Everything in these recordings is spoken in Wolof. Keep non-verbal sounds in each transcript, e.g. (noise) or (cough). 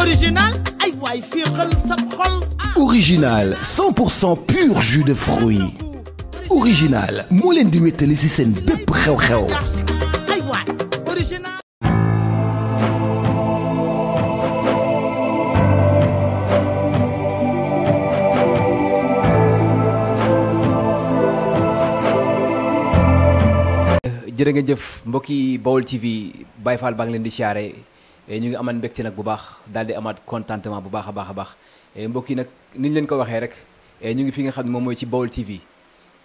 original ay waay fii pur jus de fruits original moo leen di wéttali ci seen bépp xew-xew. jërë nga jëf mbokki Baol TV Baye Fall Eh, ñu ngi amaat mbégte nag bu baax daal di amaat contentement bu baax a baax a baax eh, mbokk yi nag ni ñu leen ko waxee rek eh, ñu ngi fi nga xam ne moom mooy ci Baol TV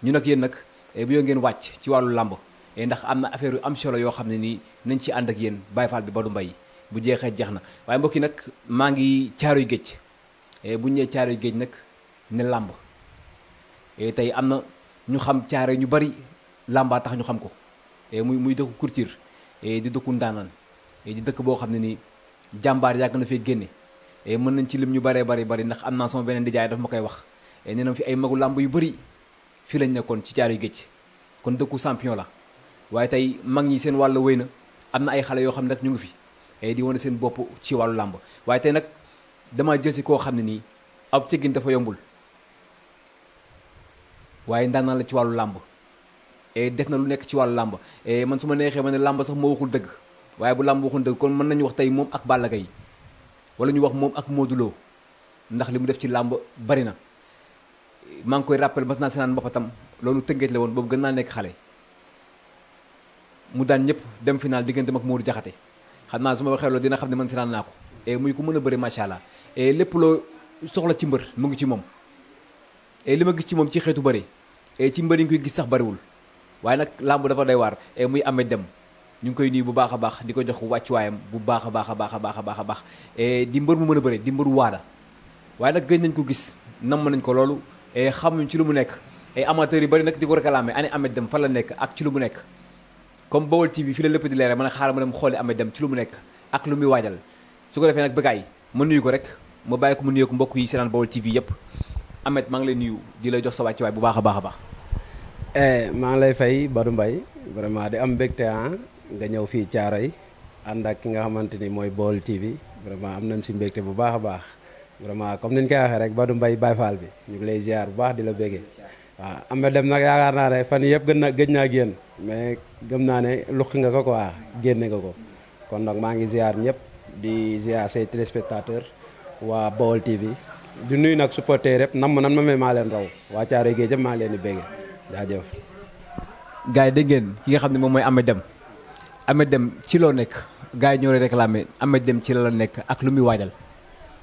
ñu nag yéen nag bu wàcc ci wàllu làmb ndax am na affaire yu am solo yoo xam ne nii nañ ci ànd ak yéen baay Fall bi Badou Mbaye bu jeexee jeex na waaye mbokk nag maa ngi caaroy géej bu ñu nee caaroy géej nag ne làmb tey am na ñu xam caaro ñu bari làmbaa tax ñu xam ko muy muy dëkku culture di dëkku ndaanaan Eh, di dëkk boo xam ne nii jàmbaar yàgg na fee génne eh, mën nañ ci lim ñu baree bari bari ndax am naa sama beneen dijaay daf ma koy wax eh, nee na fi ay magu làmb yu bëri fii lañ nekkoon ci caaru géej kon dëkku champion la waaye tey mag ñi seen wàll wéy na am na ay xale yoo xam ne nag ñu ngi fi di wane seen bopp ci wàllu làmb waaye tey nag dama jël si koo xam ne nii ab cëggin dafa yombul waaye ndaanaan la ci wàllu làmb def na lu nekk ci wàllu làmb man su ma neexee ma ne làmb sax moo dëgg waaye bu làmb waxoon dëgg kon mën nañu wax tey moom ak Balla Gaye wala ñu wax moom ak mooduloo ndax li mu def ci làmb bari na maa ngi koy rappel mas naa seenaan mbapatam loolu tëngeet la woon boobu gën naa nekk xale mu daan ñëpp dem final diggante mag Modou Jaxate xam naa su ma waxee loolu dina xam ne man seenaan naa ko muy ko mën a bëri macha allah lépp loo soxla ci mbër mu ngi ci moom li ma gis ci moom ci xeetu bëri et ci mbër yi ñu koy gis sax bariwul waaye nag làmb dafa day waar muy Ameth Deme ñu ngi koy nuyu bu baax a baax di ko jox wàccuwaayam bu baax a baax a baax a baax a baax a baax e di mbër mu mën a bëre di mbëru waada waaye nag gëj nañ ko gis nam ma nañ ko loolu e xamuñ ci lu mu nekk ay e amateurs yi bari nag di ko réclamé ani Ameth Dème fan la nekk ak ci lu nekk comme Baol TV fi la lépp di leere man a xaaral ma dem xooli Ameth Dème lu mu nekk ak lu waajal su ko defee nag bëggaay ma nuyu ko rek ma bàyyi ko mu nuyu ko mbokk yi seetaan Baol TV yépp Ameth maa ngi lay nuyu di la jox sa wàccuwaay bu baax a baax a baax eh, maa ngi lay fay Badou Mbaye vraiment di am mbégte ah, nga ñëw fii yi ànd ak ki nga xamante ni mooy Baol TV vraiment am nañ si mbégte bu baax a baax vraiment comme niñ koy waxee rek Badou Mbaye Baye Fall bi ñu ngi lay ziar bu baax di la béggee waaw Ameth dem nag yaakaar naa ne fan yëpp gën na gëj naa génn mais gëm naa ne luqi nga ko quoi génne nga ko kon nag maa ngi ziar ñëpp di ziar say téléspectateurs waa Baol TV di nuyu nag supporter yëpp nam nan ma mee maa leen raw waa Thiaroye Géej maa leen di béggee jaajëf. gars yi dégg ngeen ki nga xam ne moom mooy Ameth Deme Ameth dem ci loo nekk gars yi ñoo lay réclamé Ameth Deme ci la la nekk ak lu muy waajal.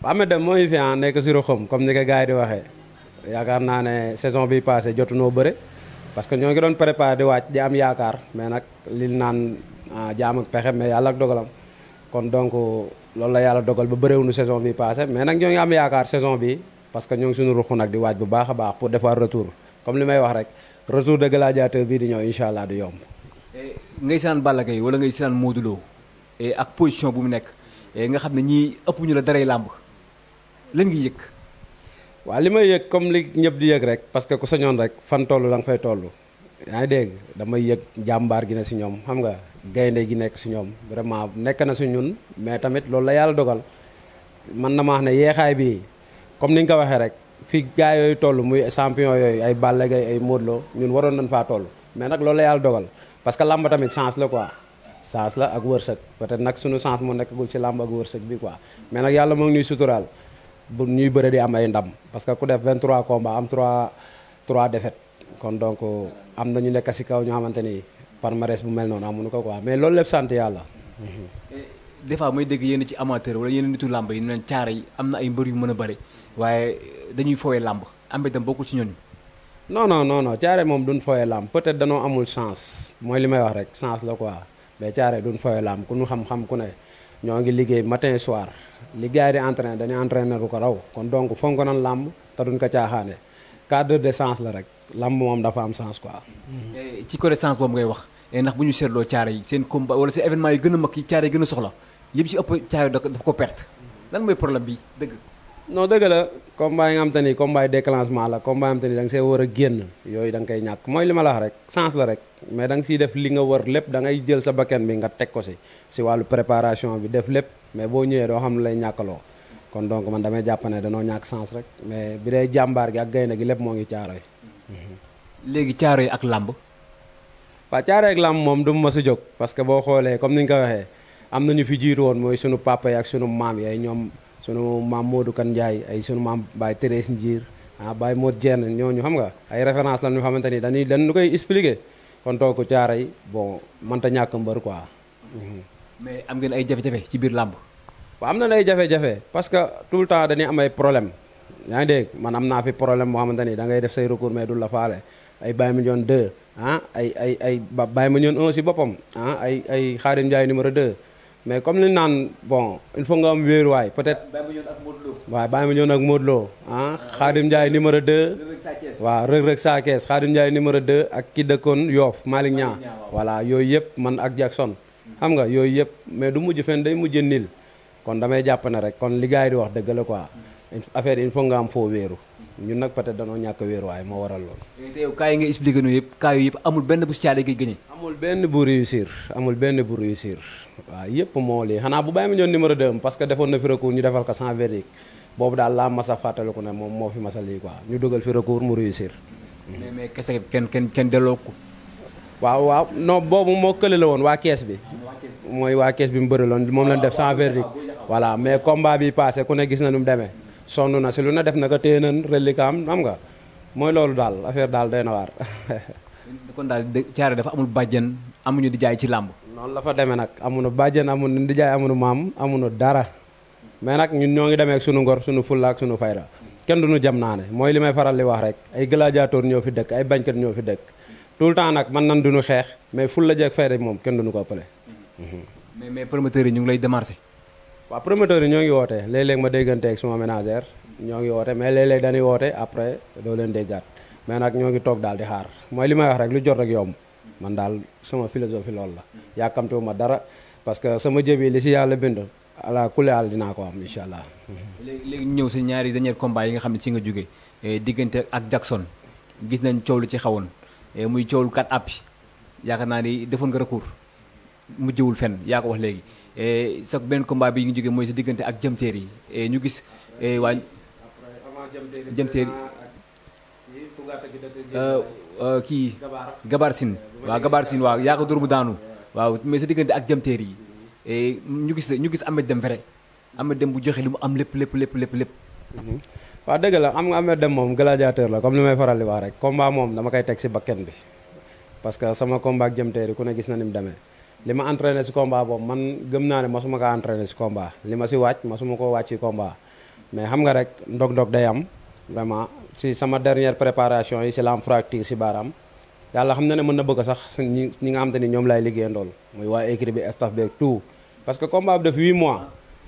Ameth Deme moo ngi fi ah nekk sur xom comme ni ko gars yi di waxee yaakaar naa ne saison bi passé jotu noo bëre parce que ñoo ngi doon préparé di waaj di am yaakaar mais nag li naan ah, jaam pexe mais yàlla ak dogalam kon donc loolu la yàlla dogal ba bëreewuñu saison bi passé mais nag ñoo ngi am yaakaar saison bi parce que ñoo ngi suñu ruq nag di waaj bu baax a baax pour defar retour comme li may wax rek retour de gladiateur bii di ñëw incha allah du yomb. Eh, ngay sinaan Balla Gaye wala ngay sinaan Modou Lo eh, ak position bu mu nekk eh, nga xam ne ñii ëpp ñu la daray làmb lan ngi yëg. waaw li may yëg comme li ñëpp di yëg rek parce que ku sañoon rek fan toll la nga fay toll yaa ngi dégg damay yëg jàmbaar gi ne si ñoom xam nga gaynde gi nekk si ñoom vraiment nekk na si ñun mais tamit loolu la yàlla dogal man na ma wax ne yeexaay bi comme ni nga ko waxee rek fii gars yooyu toll muy champion yooyu ay Balla Gaye ay Modou Lo ñun waroon nañ faa toll mais nag loolu la dogal. parce que làmb tamit chance la quoi chance la ak wërsëg peut-être nag suñu chance moo nekkagul ci làmb ak wërsëg bi quoi mais nag yàlla moo ngi ñuy suturaal bu ñuy bëre di am ay ndam parce que ku def 23 combats am 3 3 défaites kon donc euh, am na ñu nekk si kaw ñu xamante ni palmarès bu mel noonu amuñu ko quoi mais lool lépp sant yàlla. des fois mooy dégg yenn ci amateur wala yenn nitu làmb yi ñu leen caare yi am na ay mbër yu mën a bëri waaye dañuy foo làmb am itam bokkul ci ñooñu. non non non caare moom duñ fooye làmb peut-être danoo amul chance mooy li may wax rek chance la quoi mais caare duñ fooye làmb ku ñu xam-xam ku ne ñoo ngi liggéey matin soir li gars yi di entraîné dañuy entraîné ko raw kon donc fonk nan làmb te duñ ko caaxaane cadre de sens la rek làmb moom dafa am sens quoi. ci côté sens boobu ngay wax ndax bu ñu seetloo caare yi seen combat wala seen événement yi gën a mag yi caare yi gën a soxla yëpp ci ëpp caare dafa ko perte lan mooy bi dëgg. noo dëgg la combat yi nga xam te ni la combat nga xam te ni da nga see war a génn yooyu danga nga koy ñàkk mooy li ma la wax rek sens la rek mais danga nga def li nga war lépp da ngay jël sa bakken bi nga teg ko si si wàllu préparation bi def lépp mais boo ñëwee doo xam ne lay ñàkkaloo kon donc man damay jàpp ne danoo ñàkk sens rek mais bi dee jàmbaar gi ak gaynde gi lépp moo ngi caaro yi léegi caaro yi ak làmb waaw caaro yi ak làmb moom du ma si jóg que boo xoolee comme ni nga ko waxee am na ñu fi jiitu woon mooy sunu papa ak sunu maam yi ñoom sunu maam Modou Kan Ndiaye ay sunu maam Baye Thérèse Ndiir ah moo Modou Dieng ñooñu xam nga ay référence la ñu xamante ni dañuy dañ ñu koy expliquer kon toog caara yi bon mënta ñàkk mbër quoi. Mhm. mais am ngeen ay jafe-jafe ci biir làmb. waaw am na ay jafe-jafe parce que tout le temps dañuy am ay problème yaa ngi dégg man am naa fi problème moo xamante ni da def say recours mais du la faale ay Baye Million 2 ah ay ay ay ma ñoon 1 si boppam ah ay ay Xaadim Ndiaye numéro 2. mais comme li naan bon il faut nga am wéeruwaay peut-être. waaw Baye Mandione ak Modou Lo ah, ah Khadim Ndiaye numéro 2. waaw Reug Reug Sa Thiès Khadim numéro 2 ak ki dëkkoon Yoff Malick ñaa voilà yooyu yëpp man ak Jackson. xam nga yooyu yëpp mais du mujj fen day mujj nil kon damay jàpp ne rek kon li gars yi di wax dëgg la quoi hmm. affaire il faut nga am foo wéeru. ñun nag peut-être danoo ñàkk a wéeruwaay moo waral loolu. yow kaa yi yëpp kaa yu yëpp amul benn bu si caale amul benn bu réussir amul yëpp moo lii xanaa bu bàyyi ma ñoon numéro 2 parce que defoon na fi recours ñu defal ko sans verdict boobu daal laa mas a fàttaliku ne moom moo fi mas a lii quoi ñu dugal fi recours mu réussir. mais mais kese kenn kenn kenn delloo ko. waaw waaw noo boobu moo kële woon waa kees bi. mooy waa kees bi mu bëri loon moom la def ah, sans verdict. voilà mais combat bi passé ku ne gis na nu mu demee. sonn na si lu ne def na ko téye nañ reliquat xam nga mooy loolu daal affaire daal day na waar. (laughs) kon daal caare dafa amul bàjjen amuñu di jaay ci làmb. noonu la fa demee nag amuñu bàjjen amuñu di jaay amuñu maam amunu dara mais nag ñun ñoo ngi demee sunu ngor sunu fulla ak sunu fayda kenn duñu jam naane mooy li may faral di wax rek ay gladiateur ñoo fi dëkk ay bañkat ñoo fi dëkk tout le temps nag man nan duñu xeex mais fulla jeeg fayda moom kenn duñu ko ëppale. mais mais promoteurs yi ñu ngi lay démarché. après ma yi ñoo ngi woote léeg-léeg ma déggante ak suma ménagère ñoo ngi woote mais léeg-léeg dañuy woote après doo leen déggaat mais nag ñoo ngi toog daal di xaar mooy li may wax rek lu jot rek yoom man daal sama philosophie lool la yàkkamte yàkkamtewu ma dara parce que sama jëbi li si yàlla bind ala kulli àll dinaa ko am incha allah. léegi ñëw si ñaari dernier combat yi nga xam ne si nga jóge eh, diggante ak Jackson gis nañ coow lu ci xawoon eh, muy coow lu kat yaakaar naa ni defoon nga recours mujjewul fenn yaa ko wax léegi. Eh, sa benn combat bi ñu jógee mooy sa diggante ak jëmteer yi eh, ñu gis eh, waa jëmteer kii gabaar sin waaw gabaar sin waaw yaa ko dóor daanu waaw mais sa diggante ak jëmteer yi ñu gis ñu gis Ameth Dème vrai Ameth Dème bu joxe li mu am lépp lépp lépp lépp lépp mhm. waaw dëgg la am nga Ameth Dème moom gladiateur la comme li may faral di wax rek combat moom dama koy teg si bakken bi parce que sama combat ak jëmteer yi ku ne gis na ni mu li ma entraîné si combat boobu man gëm naa ne masuma kaa entraîné si combat li ma si wàcc masuma ko wàcc si combat mais xam nga rek ndog-ndog day am vraiment si sama dernière préparation yi si la am fracture si baaraam yàlla xam na ne mën na bëgg sax ñi ñi nga xam te ni ñoom laay liggéeyandool muy waa écrit bi staff bi ak tout parce que combat bi def 8 mois.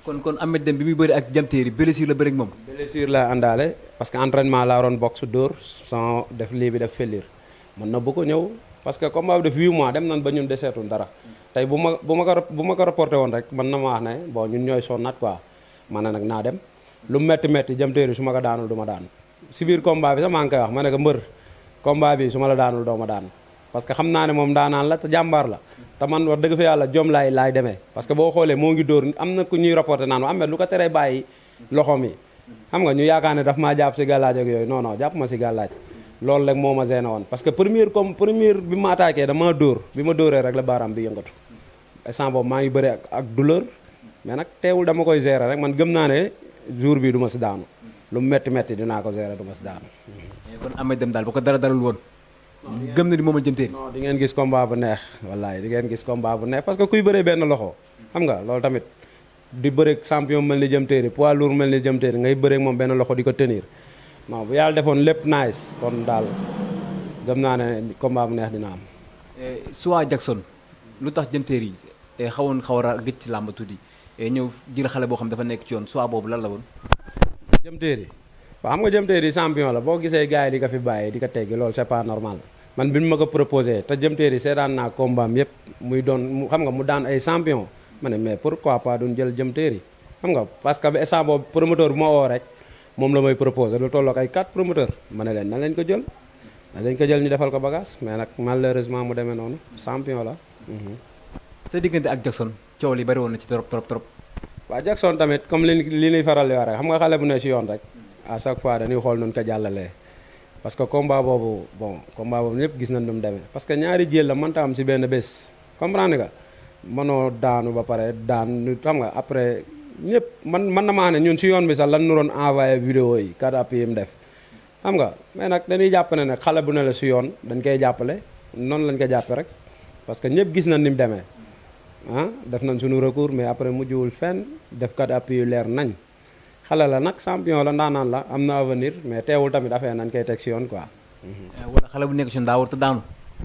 kon kon Ameth Dème bi muy bëri ak jamteeri blessure la bëri ak moom. blessure la àndaale parce que entraînement laa doon bokk su dóor sans def lii bi def fellir mën na bu ñëw parce que combat bi def mois dem nañ ba ñun deseetul dara. tey bu ma bu ma ko bu ma ko rapporté woon rek mën na ma wax ne bon ñun ñooy sonnaat quoi ma ne nag naa dem lu métti métti jëm téeri su ma ko daanul du ma daan si biir combat bi wax ma ne ko mbër combat bi su la daanul doo ma daan parce que xam naa ne moom daanaan la te jàmbaar la te man wax dëgg fa yàlla jom laay laay demee parce que boo xoolee moo ngi dóor am na ku ñuy rapporté naan am na lu ko teree bàyyi loxoom yi xam nga ñu yaakaar ne daf maa jàpp si gàllaaj ak yooyu non non jàpp ma si gàllaaj loolu rek moo ma gêné woon parce que première comme première bi ma attaqué ma dóoree rek la baaraam bi yëngatu instant boobu maa ngi bëri ak ak douleur mais nag teewul dama koy gérer rek man gëm naa ne jour bii duma si daanu lu metti métti métti dinaa ko gérer du ma si daanu. kon Ameth Deme daal bu ko dara dalul woon. gëm na di moom a jëmteeri. non ngeen gis combat bu neex wallaay di ngeen gis combat bu neex parce que kuy bëree benn loxo. xam nga loolu tamit di bëreeg champion mel ni jëmteeri poids lourd mel ni jëmteeri ngay bëreeg moom benn loxo di ko tenir non bu yàlla defoon lépp nice kon daal gëm naa ne combat bu neex dina am. Suwa Jackson lu tax jëmteeri. te xawoon xaw a gëj ci làmb tuuti e ñëw jël xale boo xam dafa nekk ci yoon soit boobu lan la woon. jëm téeri waaw xam nga jëm téeri champion la boo gisee gars yi di ko fi bàyyi di ko teggi loolu c'est man bi ma ko proposé te jëm téeri seetaan naa combat am yëpp muy doon xam nga mu daan ay champion ma ne mais pour pourquoi pas duñ jël jëm téeri xam nga parce que instant boobu promoteur bu ma woo rek moom la may proposé lu tollook ay 4 promoteur ma ne leen na leen ko jël na leen ko jël ñu defal ko bagage mais nag malheureusement mu demee noonu champion la. Mhm. sa diggante ak Jackson coow li bari woon na ci trop trop trop. waaw Jackson tamit comme li li ñuy faral di wax rek xam nga xale bu ne si yoon rek à chaque fois dañuy xool nu ko jàllalee parce que combat boobu bon combat boobu ñëpp gis nañ nu mu demee parce que ñaari jéel la mënta am si benn bés comprendre nga mënoo daanu ba pare daan xam nga après ñëpp man man na maa ne ñun si yoon bi sax lan nu doon envoyé vidéo yi kàddu yi mu def xam nga mais nag dañuy jàpp ne nag la si yoon dañ koy jàppale noonu lañ ko jàppe rek parce que ñëpp gis nañ ni mu demee. ah def nañ suñu recours mais après mu mujjuwul fenn def kat appui yu leer nañ xale la nag sampion la ndaanaan la am na avenir mais teewul tamit affaire nañ koy teg si yoon quoi. Eh, wala xale bu nekk si daa war a daanu.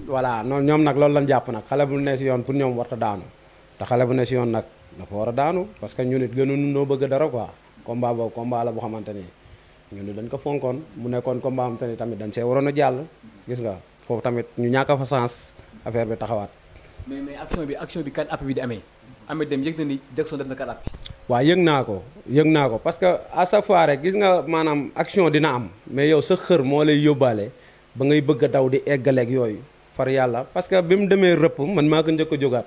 voilà noonu ñoom nag loolu lañ jàpp nag xale bu ne si yoon pour ñoom war a daanu bu ne si yoon nag dafa war a daanu parce que ñu nit gënuñu noo bëgg dara quoi combat boobu boo xamante ni ñu dañ ko fonkoon mu nekkoon combat am ni tamit dañ see waroon a jàll gis nga foofu tamit ñu ñàkk fa sens affaire bi taxawaat. mais mais action bi action bi 4 appuis bi di amee. Ameth Deme yëg na ni Jackson def na 4 appuis. waaw yëg naa ko yëg naa ko parce que à chaque fois rek gis nga maanaam action dina am mais yow sa xër moo lay yóbbaale ba ngay bëgg a daw di eggaleeg yooyu far yàlla parce que bi mu demee rëpp man maa ko njëkk a jógaat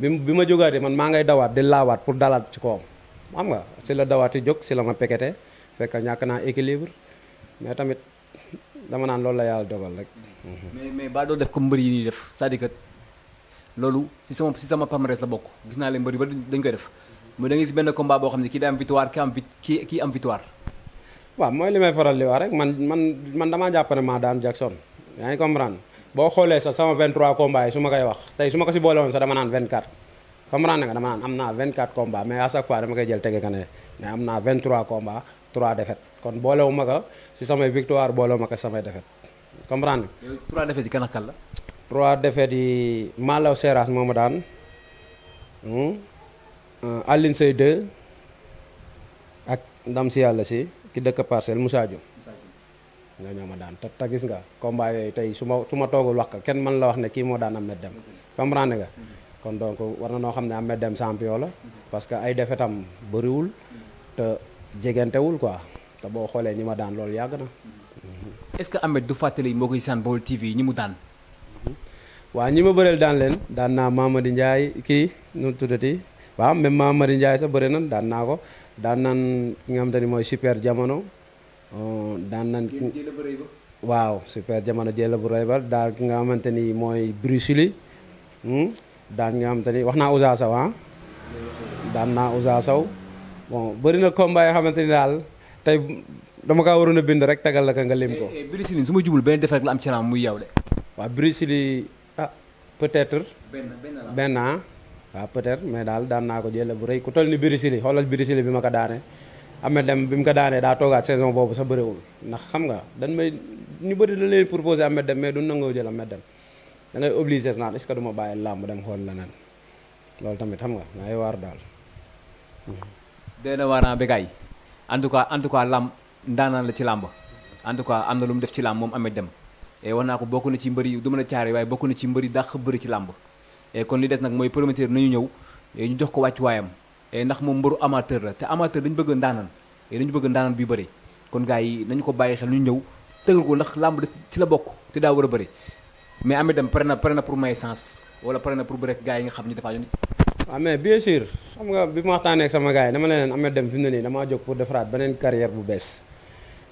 bi bi ma jógaatee man maa ngay dawaat di laawaat pour dalaat ci kawam xam nga si la dawaati jóg si la ma pekete fekk ñàkk naa équilibre mais tamit dama naan loolu la yàlla dogal rek. Mm-hmm. mais mais ba doo def comme def cest à loolu ci sama ci sama palmarès la bokk gis naa leen mbër yu bari dañ koy def mu da ngay benn combat boo xam ne kii day am victoire kii am vit kii kii am victoire. waaw mooy li faral di wax rek man man man damaa jàpp daan Jackson yaa ngi comprendre boo xoolee sa sama 23 combats yi su ma koy wax tey su ma ko si boole woon dama naan 24. comprendre nga dama naan am naa 24 combats mais à chaque fois dama koy jël tege ka ne mais am naa 23 combats 3 si samay victoire boolewuma ko si samay défaites comprendre nga. 3 défaites yi kan la. trois défaites yi Malaw Seras moo ma daan hmm? euh, Aline Seye 2 ak ndam si yàlla si ki dëkk parcel Moussa Diouf ñoo ñoo ma daan te te gis nga combat tey su ma su ma toogul wax ka kenn mën la wax ne kii moo daan Ahmed Deme comprendre nga kon donc war na noo xam ne Ahmed Deme champion la parce que ay defetam am bëriwul te jegantewul quoi te boo xoolee ñi ma daan loolu yàgg na. est-ce que Ahmed du fàttali moo koy saan Baol TV ñi mu daan. waaw ñi ma bëreel daan leen daan naa di Ndiaye kii nu tuddati waaw même Mamadi Ndiaye sax bëri nan daan naa ko daan nan ki nga xam te mooy super jamono oh, daan nan super jamono jëla bu rëy ba nga xamante ni mooy brusili hmm? daan nga wax naa Ousa ah. daan naa usaasaw Sow bon bëri na combat xamante ni daal tey dama kaa waroon a bind rek tagal la ka nga lim ko eh, eh, brusili su ma jubul benn defar rek la am ci ram muy yow de waaw brusili peut-être benn ah peut-être mais daal daan naa ko jële bu rëy ku toll ni birisili xoolal birisili bi ma ko daane ame dem bi mu ko daanee daa toogaat saison boobu sa bëriwul ndax xam nga dan may ñu bëri la leen proposé Ahmed dem mais du nangoo jël Ahmed dem da ngay obligé naan est ce que du ma bàyyi làmb dem xool leneen loolu tamit xam nga ngay waar daal. dana waaraan bi kay en tout cas en tout cas làmb ndaanaan la ci làmb en tout cas am na lu mu def ci làmb moom Ahmed Deme et eh, wax naa ko bokk na ci mbëri du mën a caare waaye bokk na ci mbëri dàq bëri ci làmb eh, kon li des nag mooy promoteur nañu ñëw eh, ñu jox ko wàcc et ndax moom mbëru amateur la te amateur dañu bëgg ndaanan nañu dañu bëgg ndaanan bi bëri kon gars yi nañu ko bàyyi xel ñu ñëw tëgal ko ndax làmb ci la bokk te daa war a bëri mais am dem pare na pare na pour may sens wala pare na pour bëri gars yi nga xam ñu dafa yoon waaw mais bien sûr xam nga bi ma waxtaanee ak sama gars fi mu ne nii damaa jóg defaraat beneen carrière bu bees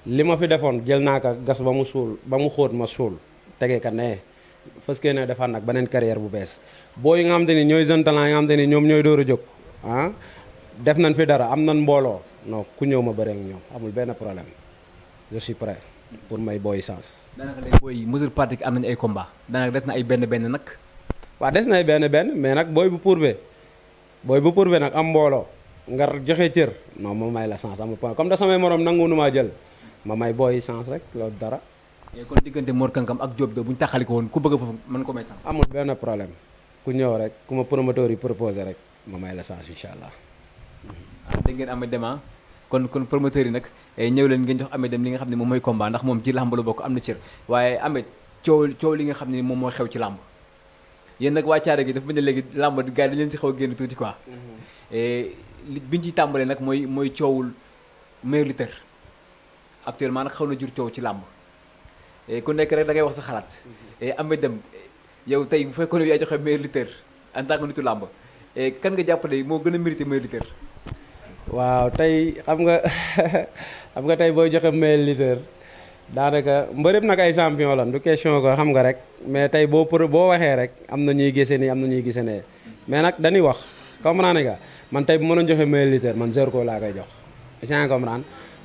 li ma fi defoon jël naa ko gas ba mu suul ba mu xóot ma suul tege ka nee fas ne defar nag beneen carrière bu bees boo yi nga xam te ni ñooy jeune talent ni ñoom ñooy door a jóg ah def nañ fi dara am nañ mbooloo noo ku ñëw ma bëre ak amul benn problème je suis pour may booy sens. daanaka léegi booy yi mesure pratique am nañu ay combat daanaka des na ay benn benn nag. waa des na ay benn benn mais nag booy bu pourbe booy bu pourbe nag am mbooloo nga joxe cër non moom may la sens amul point comme da nu maa jël. ma may booy chance rek loolu dara. kon diggante Mor Kankam ak Diop de bu ñu taxalee ko woon ku bëgg foofu man ko may chance. amul benn problème ku ñëw rek ku ma promoteur yi proposé rek ma may la chance incha allah. ah dégg kon kon promoteur yi nag eh, ñëw leen ngeen jox Ameth Deme li nga xam ne moom mooy combat ndax moom ci làmb la bokk am na cër waaye Ameth coow coow li nga xam ne moom mooy xew ci làmb yéen nag waa gi dafa mel ni léegi làmb gars dañ leen si xaw a génn tuuti quoi. Mm-hmm. Eh, li bi ñu ciy tàmbalee nag mooy mooy coowul meilleur lutteur actuellement nag xaw na jur coow ci làmb eh, ku nekk rek da ngay wax sa xalaat eh, Ameth dem eh, yow tey bu fekkoon ne yaa joxe meilleur lutteur en tant que nitu làmb kan nga jàppale moo gën a mérité waaw tey xam nga (laughs) xam nga tey booy joxe meilleur lutteur daanaka mbërëb nag ay champion la du question ko xam nga rek mais tey boo pour boo waxee rek am na ñuy gisee nii am na ñuy gisee nee mais nag dañuy wax comprendre nga man tey bu mënoon joxe meilleur lutteur man zéro ko laa koy jox. yaa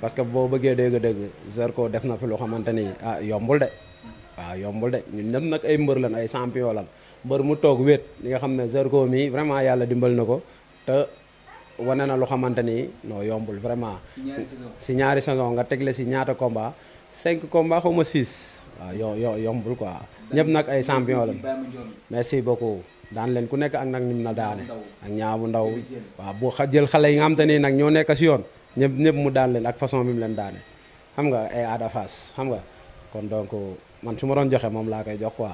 parce que boo bëggee dégg-dégg Zarko def na fi loo xamante ni ah yombul de waaw ah, yombul de ñun ñëpp nag ay mbër lan ay champion lan mbër mu toog wéet li nga xam ne Zarko mii vraiment yàlla dimbal na ko te wane na lu xamante ni non yombul vraiment. si ñaari saison nga tegle si ñaata combat cinq combat xaw ma six. waaw ah, yo yo yombul quoi ñëpp nag ay champion lan merci beaucoup. daan leen ku nekk ak nag nim na daane ak ñaabu ndaw waaw boo xa jël xale yi nga xam ni nag ñoo nekk si yoon. ñëpp ñëpp mu daan leen ak façon bi mu leen daane xam nga ay aada faas xam nga kon donc man su ma doon joxe moom laa koy jox quoi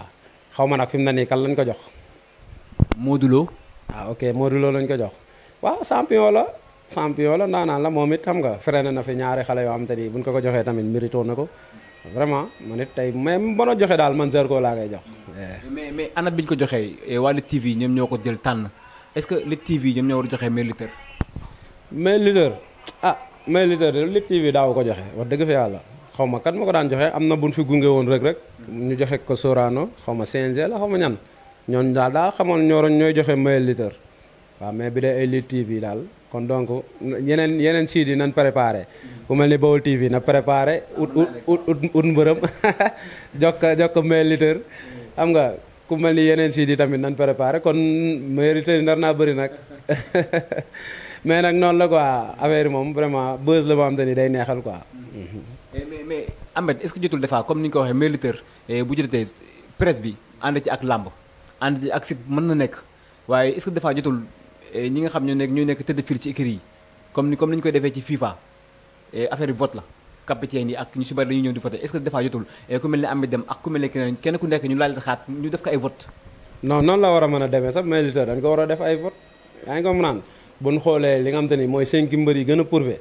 xaw ma nag fi mu ne nii kan lañ ko jox. Modou Lo. ah ok Modou Lo lañ ko jox waaw champion la champion la ndaanaan la moom it xam nga freiné na fi ñaari xale yoo xam te ni buñ ko ko joxee tamit mérito na ko vraiment man it tey même ba joxe daal man Zarko laa koy jox. Eh. mais mais anam bi ñu ko joxee eh, waa Lutte TV ñoom ñoo ko jël tànn est-ce que lit TV ñoom ñoo war a joxe meilleur mais meilleur may litre de Lutte TV daaw ko joxe wax dëgg fa yàlla xaw ma kat ma ko daan joxe am na buñ fi gunge woon rek rek ñu joxe ko sooraano xaw ma CNG la xaw ma ñan ñoon daal daal xamoon ñooroon ñooy joxe may litre waaw mais bi dee ay Lutte TV daal kon donc yeneen yeneen siid yi nañ préparé ku mel ni Baol TV na préparé ut ut ut ut mbërëm (laughs) jokk jokk may litre xam nga ku mel ni yeneen siid yi tamit nañ préparé kon may litre yi nar naa bëri nag (laughs) mais nag noonu la quoi affaire moom vraiment buzz la boo xam te ni day neexal quoi. mais mais Ahmed est-ce que ni ko waxee mériteur eh, bu jotee presse bi ànd ci ak làmb ànd ci ak site mën na nekk waaye est-ce que des jotul eh, ñi nga xam ñoo nekk ñoo nekk tëdd fil ci écrit yi comme ni comme ni ñu koy defee ci FIFA eh, affaire vote la. capitaine yi ak ñu si dañuy ñëw di voter est-ce que jotul ku mel ne Ahmed Deme ak ku mel ne kenn ku nekk ñu laal xaat ñu def ko ay vote noonu la war a mën a demee sax mériteur dañ ko war a def ay vote yaa ngi bu xoolee li nga xam te ni mooy cinq mbër yi gën a pourvé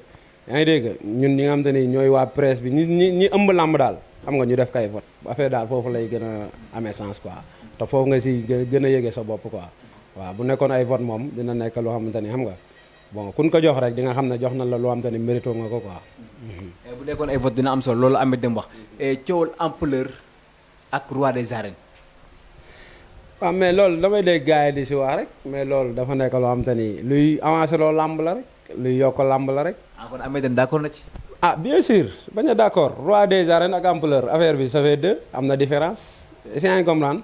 yaa ngi dégg ñun ñi nga xam te ni ñooy waa presse bi ñi ñi ñi ëmb làmb daal xam nga ñu def kay vote affaire daal foofu lay gën a amee sens quoi te foofu nga si gën a yege sa bopp quoi waaw bu nekkoon ay vote moom dina nekk loo xamante ni xam nga bon kun ko jox rek di nga xam ne jox na la loo xamante ni mérito nga ko quoi eh, bu nekkoon ay vote dina am solo loolu amit dem wax eh, coowal ampleur ak roi des arènes waaw mais loolu damay dégg gars yi di si wax rek mais loolu dafa nekk loo xam te ni luy avancé loo làmb la rek luy yokk làmb la rek. ah kon Ameth Deme na ci. ah bien sûr a d' accord des arènes ak ampleur affaire bi ça fait am na différence si yaa ngi comprendre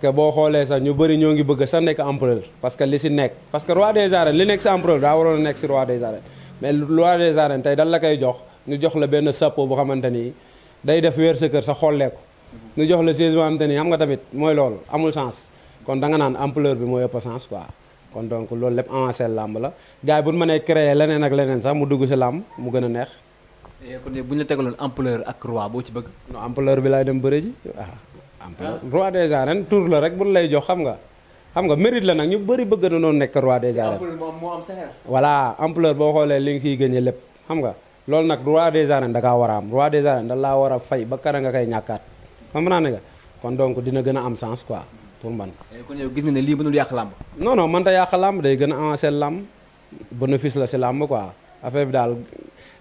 que boo xoolee sax ñu bëri ñoo ngi bëgg sa nekk ampleur parce que li si nekk parce que roi des arènes li nekk si ampleur daa waroon a nekk si roi des arènes mais roi des arènes tey dan la koy jox ñu jox la benn sappo boo xamante ni day def weer sa kër sa xollee ko ñu jox la siège boo xamante ni xam nga tamit mooy loolu amul sens kon da nga naan empleur bi mooy ëpp sens quoi kon donc lool lépp avancé làmb la gars yi bu ñu mënee créer leneen ak leneen sax mu dugg si làmb mu gën a neex. kon bu ñu la tegaloon ampleur ak roi boo ci bëgg. non ampleur bi dem bëre ji waaw. Ah, ampleur ah. roi des arènes tour la rek bu lay jox xam nga. xam nga mérite la nag ñu bëri bëgg na noonu nekk roi des arènes. ampleur moom moo am sa xel. voilà ampleur boo xoolee li nga ciy gëñee lépp xam nga loolu nag roi des arènes da kaa war a am roi des arènes da laa war a fay ba kara koy ñàkkaat. comprendre nga kon donc dina gën a am sens quoi pour man. Eh, kon yow gis nga ne lii mënul yàq làmb. non non mënta yàq làmb day gën a avancé làmb bénéfice la si làmb quoi affaire bi daal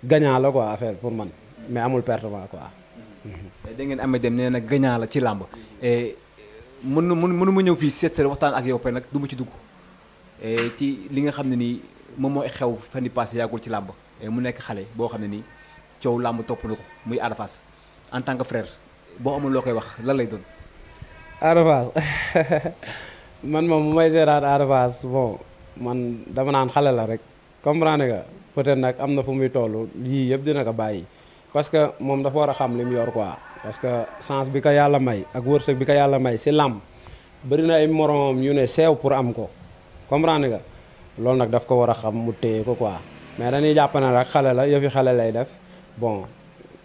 gagnant la quoi affaire pour man mais amul pertement quoi. Eh, da ngeen amee dem nee na gagnant la ci làmb eh, mënu mënu ma ñëw fii seet waxtaan ak yow nag du ma ci dugg ci li nga xam ne nii moom moo xew fan yi yàggul ci làmb mu nekk xale boo xam ne nii coow làmb topp muy Ada en tant que frère. boo amul loo koy wax lan lay doon. Ada Fass (laughs) man moom bu may seeraat Ada bon man dama naan xale la rek comprendre nga peut-être nag am na fu muy toll yii yëpp dina ko bàyyi parce que moom dafa war a xam li mu yor quoi. parce que chance bi ko yàlla may ak wërsëg bi ko yàlla may si làmb bëri na ay moromam ñu ne seew pour am ko comprendre nga loolu nag daf ko war a xam mu téye ko quoi mais dañuy jàpp ne rek xale la yëfi xale lay def bon.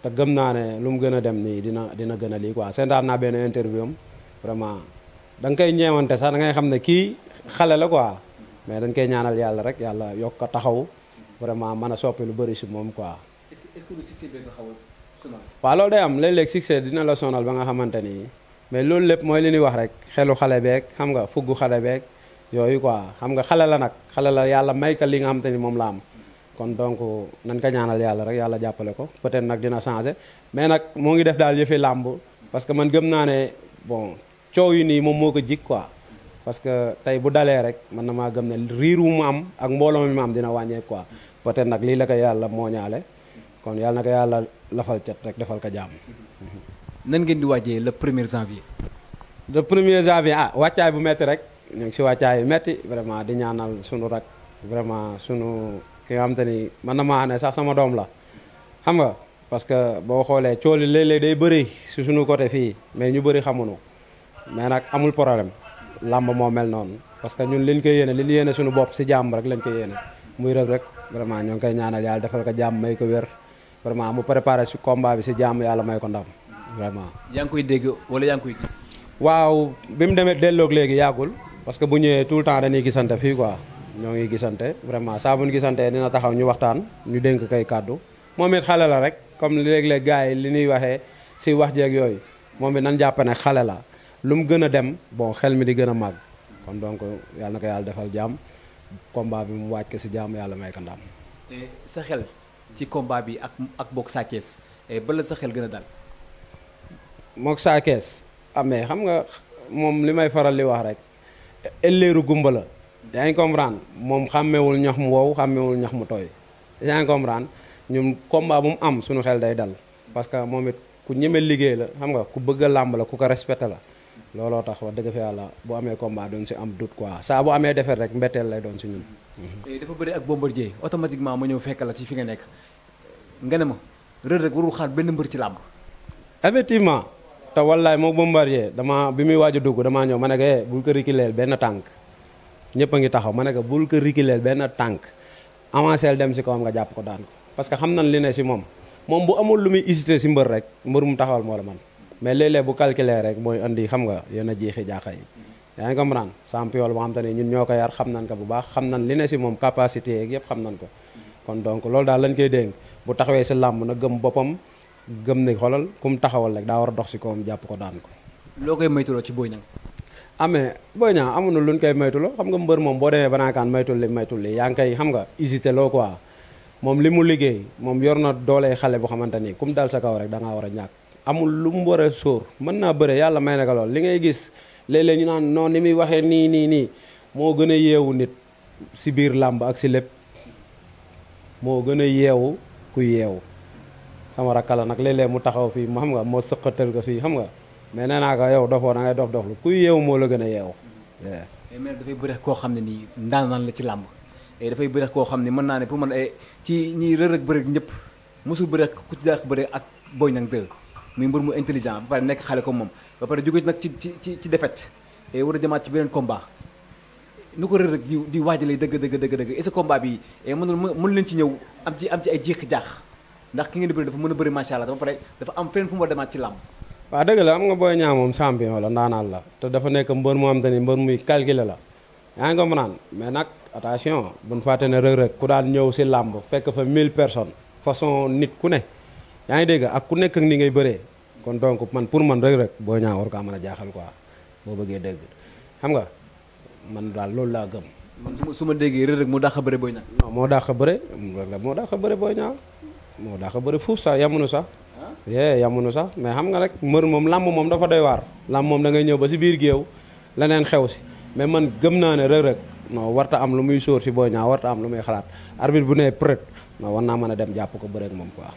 te gëm naa ne lu mu gën a dem nii dina dina gën a lii quoi seetaan naa benn interview am vraiment danga nga koy ñeewante sax dangay xam ne kii xale la quoi mais dañ koy ñaanal yàlla rek yàlla yokk ko taxaw vraiment mën a soppi lu bëri si moom quoi. est ce loolu day am léeg-léeg succès dina la sonal ba nga xamante ni mais loolu lépp mooy li ñuy wax rek xelu xale beeg xam nga fuggu xale beeg yooyu quoi xam nga xale la nag xale la yàlla may ka li nga xamante ni moom la kon donc nañ ko ñaanal yàlla rek yàlla jàppale ko peut-être nag dina changé mais nag moo ngi def daal yëfi làmb parce que man gëm naa ne bon coow yu nii moom moo ko jik quoi parce que tey bu dalee rek man na maa gëm ne riir wu mu am ak mbooloo mi mu am dina wàññeeku quoi peut nag lii la ko yàlla moo ñaale kon yàlla na ko yàlla lafal cet rek defal ko jàmm. nan ngeen di wàccee le premier janvier. le premier janvier ah wàccaay bu metti rek ñu ngi si wàccaay yu metti vraiment di ñaanal sunu rak vraiment sunu. ki nga xam te ni man na maa ne sax sama doom la xam nga parce que boo xoolee cool yi day bëri si suñu côté fii mais ñu bëri xamuñu mais nag amul problème làmb moo mel noonu parce que ñun liñ koy yéene liñ yéene suñu bopp si jàmm rek lañ koy yéene muy rek rek vraiment ñoo ngi koy ñaanal yàlla defal ko jàmm may ko wér vraiment mu préparé si combat bi si jàmm yàlla may ko ndam vraiment. yaa ngi koy dégg wala yaa ngi koy gis. waaw bi mu demee delloog léegi yàggul parce que bu ñëwee tout le temps dañuy gisante fii quoi. ñoo ngi gisante vraiment saa bu ñu gisante dina taxaw ñu waxtaan ñu dénk kay kàddu moom it xale la rek comme léeg-léeg gars yi li ñuy waxee si wax jeeg yooyu moom it nan jàpp ne xale la lu mu gën a dem bon xel mi di gën a màgg kon donc yàlla na ko yàlla defal jàmm combat bi mu wàcc ko si jàmm yàlla may ko ndam. Eh, sa xel ci combat bi ak ak bokk Sa Thiès eh, ba la sa xel gën a dal. mook Sa Thiès amee ah, xam nga moom li may faral di wax rek elleeru gumba la. yaa ngi comprendre moom xàmmewul ñax mu wow xàmmewul ñax mu tooy yaa ngi comprendre ñun combat bu mu am sunu xel day dal parce que moom it ku ñeme liggéey la xam nga ku bëgg a làmb la ku ko respecté la looloo tax wax dëgg fi yàlla bu amee combat duñ si am doute quoi saa bu amee defee rek mbetteel lay doon si ñun. Eh, dafa bëri ak Bombardier automatiquement ma ñëw fekk la ci fi nga nekk nga ne ma Reug Reug warul xaar benn mbër ci làmb. effectivement te wallaay moo Bombardier damaa bi muy waaj a dugg damaa ñëw ma ne ko eh, bul ko rikileel benn tànk. ñëpp a ngi taxaw ma ne ko bul ko rikileel benn tànk avancé dem si kawam nga jàpp ko daan ko parce que xam nañ li ne si moom moom bu amul lu muy hésité si mbër rek mbër mu taxawal moo la man mais léeg bu calculé rek mooy andi xam nga yéen a jeexi jaaxa yi yaa ngi comprendre naan boo xam te ne ñun ñoo ko yar xam nañ ko bu baax xam nañ li ne si moom capacité yeeg xam nañ ko kon donc loolu daal lañ koy dénk bu taxawee si làmb na gëm boppam gëm ne xolal ku mu taxawal rek daa a dox si kawam jàpp ko daan ko loo koy moytuloo ci Boy Niang amee ah, Boy Niang amoon na luñ koy maytuloo xam nga mbër moom boo demee banaakaan maytul li maytul li yaa ngi koy xam nga hésité loo quoi moom li mu liggéey moom yor na doolee xale boo xamante ni kum dal sa kaw rek da ngaa war a ñàkk amul lu mu war a sóor mën naa bëre yàlla may na lool li ngay gis léeg ñu naan noon ni muy waxee nii nii nii moo gën a yeewu nit si biir làmb ak si lépp moo gën a yeewu ku yeewu sama rakkala nag léeg mu taxaw fii mu xam nga moo sëqatal ko fii xam nga mais nee naa ko yow dofoo da ngay dof dof lu kuy yeewu moo la gën a yeewu. mais dafay bëreex koo xam ne nii ndaanaan la ci làmb dafay bëreex koo xam ne mën naa ne pour man eh, ci ñiy rër ak bëreeg ñëpp mosul bëreex ku ci daax bëreex ak Boy Niang 2 muy mbër mu intelligent ba pare nekk xale ko moom ba pare jóge nag ci ci ci ci défaite war a jamaat ci beneen combat nu ko rër rek di di waajalee dëgg dëgg dëgg dëgg est-ce que combat bi eh, mënul mënu ci ñëw am ci am ci ay jeexi jaax ndax ki ngeen di bëri a bëri macha allah ba pare dafa am feneen fu mu demaat ci làmb waaw dëgg la am nga booy Niang moom champion la ndaanaan la te dafa nekk mbër mu am te ni mbër muy calculer la yaa ngi comprendre mais nag attention buñ fàtte ne Reug Reug ku daan ñëw si làmb fekk fa 1000 personnes façon nit ku ne yaa ngi dégg ak ku nekk ak ni ngay bëree kon donc man pour man Reug Reug Boy Niang war ko mën a jaaxal quoi boo bëggee dégg xam nga man daal loolu laa gëm. man su ma su ma déggee Reug Reug moo dàq bëre Boy Niang. non moo dàq bëre moo dàq bëre Boy Niang moo dàq bëre fuuf sax yamuñu sax. yee yamunu sax mais xam nga rek mbër moom làmb moom dafa doy waar làmb moom da ñëw ba si biir géew leneen xew si mais man gëm naa ne rëg-rëg non warta am lu muy sóor si Boy Niang warta am lu muy xalaat arbitre bu nee prêt non war naa mën a dem jàpp ko moom quoi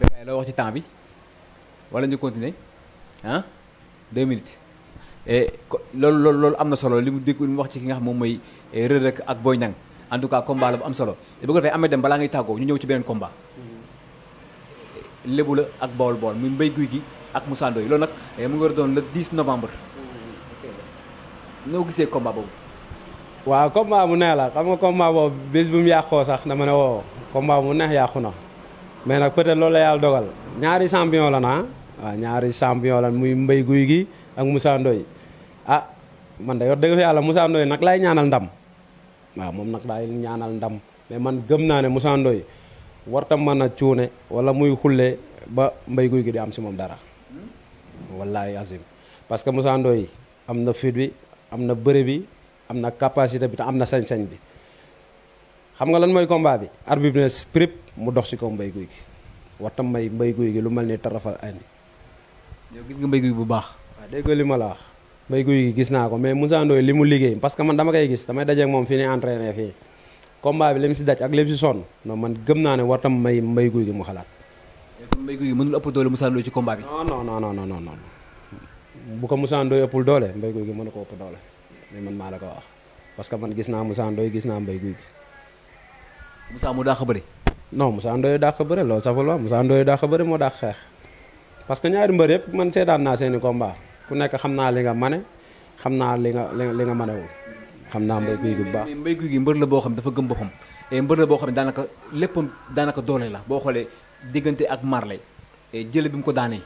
Bécaye wax ci temps bi wala ñu continuer ah deux minutes loolu loolu loolu am na solo li mu dégg li mu wax ci ki nga xam moom mooy eh, rëg ak booy Niang en tout cas combat la bu am solo bëgg defee amee dem balaa ngay tàggoo ñu ñëw ci beneen combat lébu la ak bawol bawol muy mbéy guy gi ak Moussa Ndoye loolu nag eh, mu ngi war a doon le 10 novembre. noo gisee combat boobu. waaw combat bu neex la xam nga combat bés bu mu yàqoo sax dama ne woo combat mu neex yaaxu na mais nag peut-être loolu yàlla dogal ñaari champion la naa ah? waaw ñaari champion la muy mbéy guy gi ak Moussa Ndoye ah man de wax dëgg fa yàlla Moussa Ndoye nag laay ñaanal ndam waaw moom nag daay ñaanal ndam mais man gëm naa ne Moussa warta mën a cuune wala muy xulle ba mbay guy gi di am si moom dara hmm. wallahi azim parce que Moussa am na fit bi am na bëre bi am na capacité bi te am na sañ-sañ bi xam nga lan mooy combat bi arbitre bi mu dox si kaw mbay guy gi warta may mbay guy gi lu mel ni tarafal ani yow gis nga mbay guy bu baax waaw ah, dégg li ma la wax mbay guy gi gis naa ko mais Moussa Ndoye li mu liggéey parce man dama koy gis damay dajeek moom fi ni entraîné fii combat bi li si daj ak li mu si sonn non man gëm naa ne war tam may may guy gi mu xalaat. may mënul ëpp doole ci combat bi. non bu ko Moussa Ndoye ëppul doole mbay guy gi mënu ko ëpp doole ko wax parce que man gis naa Moussa Ndoye gis naa mbay guy gi. Moussa moo dàq bëri. non Moussa Ndoye dàq bëri loolu saful wax Moussa Ndoye dàq bëri moo dàq xeex parce que ñaari mbër yëpp man seetaan naa seeni combat ku nekk xam naa li nga mane xam naa li nga li nga manewul xam naa mbay guy gi mbay guy gi mbër la boo xam dafa gëm boppam mbër la boo xam ne daanaka léppam daanaka doole la boo xoolee diggante ak Marley jële bi mu ko daanee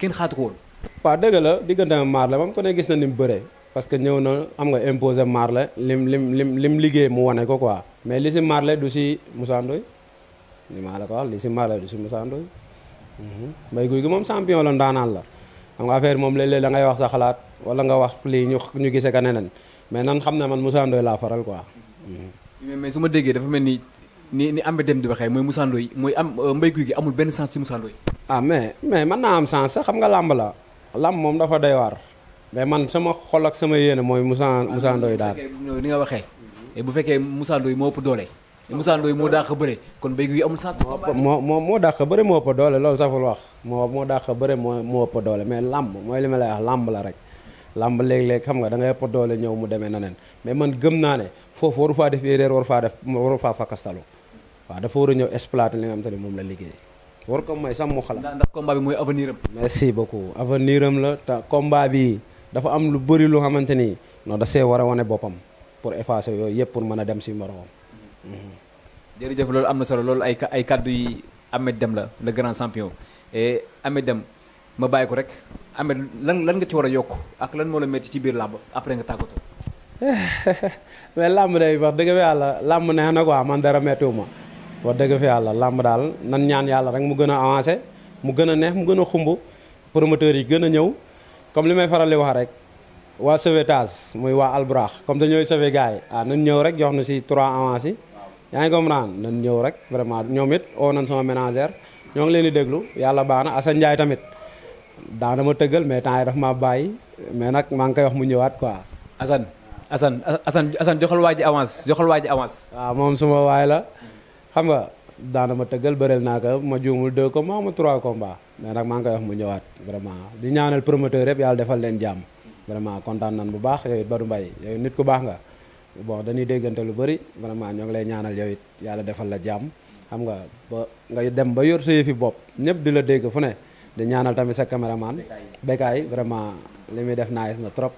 kenn xaatu ko woon waaw dëgg la diggante ak Marley moom ko ne gis na ni mu bëree parce que ñëw na xam nga imposé Marley lim lim lim lim liggéey mu wane ko quoi mais li si Marley du si Moussa Ndoye la ko si Marley du si Moussa Ndoye mhm. moom champion la ndaanaan la xam nga affaire moom léeg-léeg da ngay wax sa xalaat wala nga wax lii ñu ñu gisee ka neneen mais nan xam ne man Moussa laa faral quoi. mais su ma déggee dafa mel ni ni ni Ameth Deme di waxee mooy Moussa Ndoye mooy am euh, Mbaye Gouy benn sens ci Moussa Ndoye. Ah, mais mais mën naa am sens sax xam nga làmb la làmb moom dafa doy waar mais man sama xol ak sama yéene mooy Moussa Moussa Ndoye daal. Ah, ni nga waxee bu fekkee Moussa Ndoye moo ëpp doole. Moussa Ndoye moo dàq bëre kon Mbaye Gouy Gui amul sens. moo moo moo dàq bëre moo ëpp doole loolu saful wax moo moo dàq bëre moo moo ëpp doole mais làmb mooy li ma lay làmb la rek. làmb léeg-léeg xam nga danga ngay ëpp doole ñëw mu demee na neen mais man gëm naa ne foofu waru faa def erreur waru faa def waru faa fakkastalu waaw dafa war a ñëw exploiter li nga xam te moom la liggéey war ko may sam mu xalaat ndax combat bi mooy avenir am merci beaucoup avenir am la te combat bi dafa am lu bëri lu xamante ni non da see war a wane boppam pour effacer yooyu yëpp pour mën a dem si moromam mhm. jërëjëf loolu am na solo loolu ay ay kàddu yi Ahmed Deme la le grand champion et Ahmed Deme ma bàyyi ko rek Ameth lan lan nga ci war a yokk ak lan moo la métti ci biir làmb après nga tàggatoo. (laughs) mais làmb day wax dëgg fi yàlla làmb neex na quoi man dara ma wax dëgg fi yàlla làmb daal nan ñaan yàlla rek mu gën a mu gën a neex mu gën a xumb promoteurs yi gën a ñëw comme li may faral di wax rek waa sauvetage muy waa Alburax comme dañooy sauvé gars yi ah nan ñëw rek jox na si trois avance yi yaa ngi comprendre nan ñëw rek vraiment ñoom it oo nan sama ménagère ñoo ngi leen déglu yàlla baax na Assane tamit daana ma tëggal mais temps yi daf maa bàyyi mais nag maa ngi koy wax mu ñëwaat quoi. Assane Assane Assane asan joxal waa ji avance joxal waaj ji avance. waaw moom suma waaye la xam nga daana ma tëggal bëreel naa ko ma juumul deux combats ma trois combats mais nag maa ngi koy wax mu ñëwaat vraiment di ñaanal promoteur yëpp yàlla defal leen jàmm. vraiment kontaan nan bu baax yow it Badou Mbaye nit ku baax nga bon dañuy déggante lu bëri vraiment ñoo ngi lay ñaanal yow it yàlla defal la jàmm xam nga ba nga dem ba yor sa yëfi bopp ñëpp di la dégg fu ne. di ñaanal tamit sa maan Bécaye vraiment li muy def nice na trop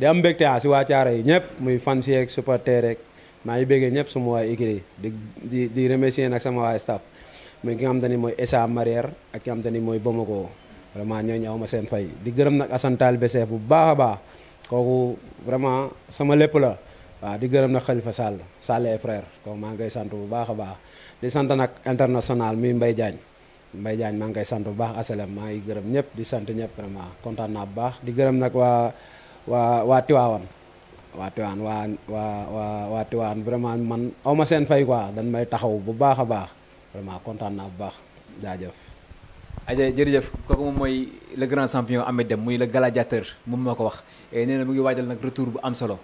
di am mbégte ah, si waa Thiaroye yi ñëpp muy fans yeeg supporter rek maa ngi béggee ñëpp su waa écurie di di di remercier nag sama waa staff muy nga xam te ni mooy Essa Marière ak ki ni mooy Bomako vraiment ñoo ñëw ma seen fay di gërëm nag asantal beseef bu baax a baax kooku vraiment sama lépp la waaw di gërëm nag xalifa Sall Sall et frère kooku maa ngi sant bu baax a baax di sant nag international muy Mbaye Mbaye Diagne maa ngi koy sant bu baax asalem maa ngi gërëm ñëpp di sant ñëpp vraiment kontaan naa bu baax di gërëm nag waa waa waa Tiwaawan waa Tiwaawan waa waa waa waa Tiwaawan vraiment man aw ma seen fay quoi dañ may taxaw bu baax a baax vraiment kontaan naa bu baax jaajëf. aja jërëjëf kooku moom mooy le grand champion Ameth Deme muy le gladiateur moom moo ko wax eh, nee na mu ngi waajal nag retour bu am solo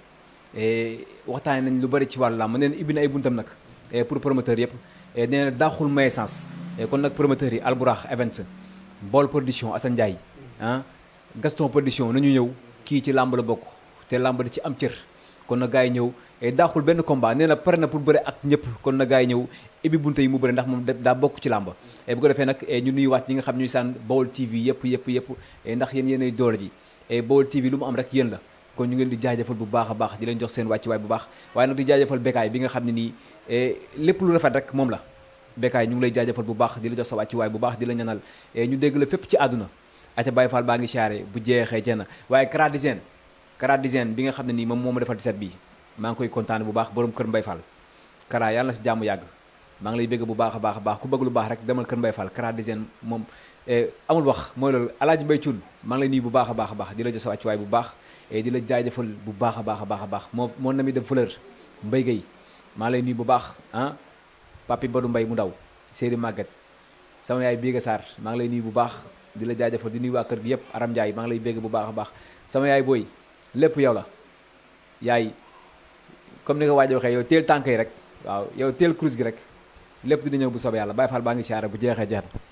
eh, waxtaanee nañ lu bari ci wàll làmb nee na ibbi na ay buntam nag eh, pour promoteur yëpp nee may sens Eh, kon nag promoteurs yi Alburax Events Bool production Assane Ndiaye ah Gaston production nañu ñëw kii ci làmb la bokk te làmb da ci am cër kon na gaay yi ñëw eh, daaxul benn combat nee na pare na pour bëre ak ñëpp kon na gars yi ñëw ibi bunte yi mu bëre ndax moom daa bokk ci làmb eh, bu ko defee nag ñu nuyuwaat ñi nga xam ñuy saan Baol TV yëpp yëpp yëpp ndax yéen yéenay doole ji Baol TV lu mu am rek yéen la kon ñu ngeen leen di jaajëfal bu baax a baax di leen jox seen wàcc waay bu baax waaye nag di jaajëfal bekaay bi nga xam ne nii lépp lu rafet rek moom la Bécaye ñu ngi lay jaajëfal bu baax di la jox sa wàcci waay bu baax di la ñanal eh, ñu dégg la fépp ci baa ngi siyaare bu jeexee jena waaye Kara Design Kara Design bi nga xam ne nii moom moo ma defal di set bi maa ngi koy kontaane bu baax borom kër Mbaye Fall Kara yàlla na si jàmm yàgg maa ngi lay bégg bu baax a baax a baax ku bëgg lu baax rek demal kër Mbaye Fall Kara Design moom eh, amul wax mooy loolu alaaji Mbay Cuun maa ngi lay bu baax a baax a baax di la jox sa waay bu baax eh, di la jaajëfal bu baax a baax a baax a baax moo moo na mi def fleur Mbay Gay maa lay nuyu bu baax ah ba Badou mbay mu ndaw séeri màgget sama yaay Biége Sarr maa ngi lay nii bu baax di la jaajëfal di nuyu waa kër gi yëpp Aram Ndiaye maa ngi lay bégg bu baax a baax sama yaay booy lépp yow la yaay comme ni ko waaj waxee yow teel tànk yi rek waaw yow teel cruise gi rek lépp dina ñëw bu soobee yàlla Baye Fall baa ngi siyaare bu jeexee jeex na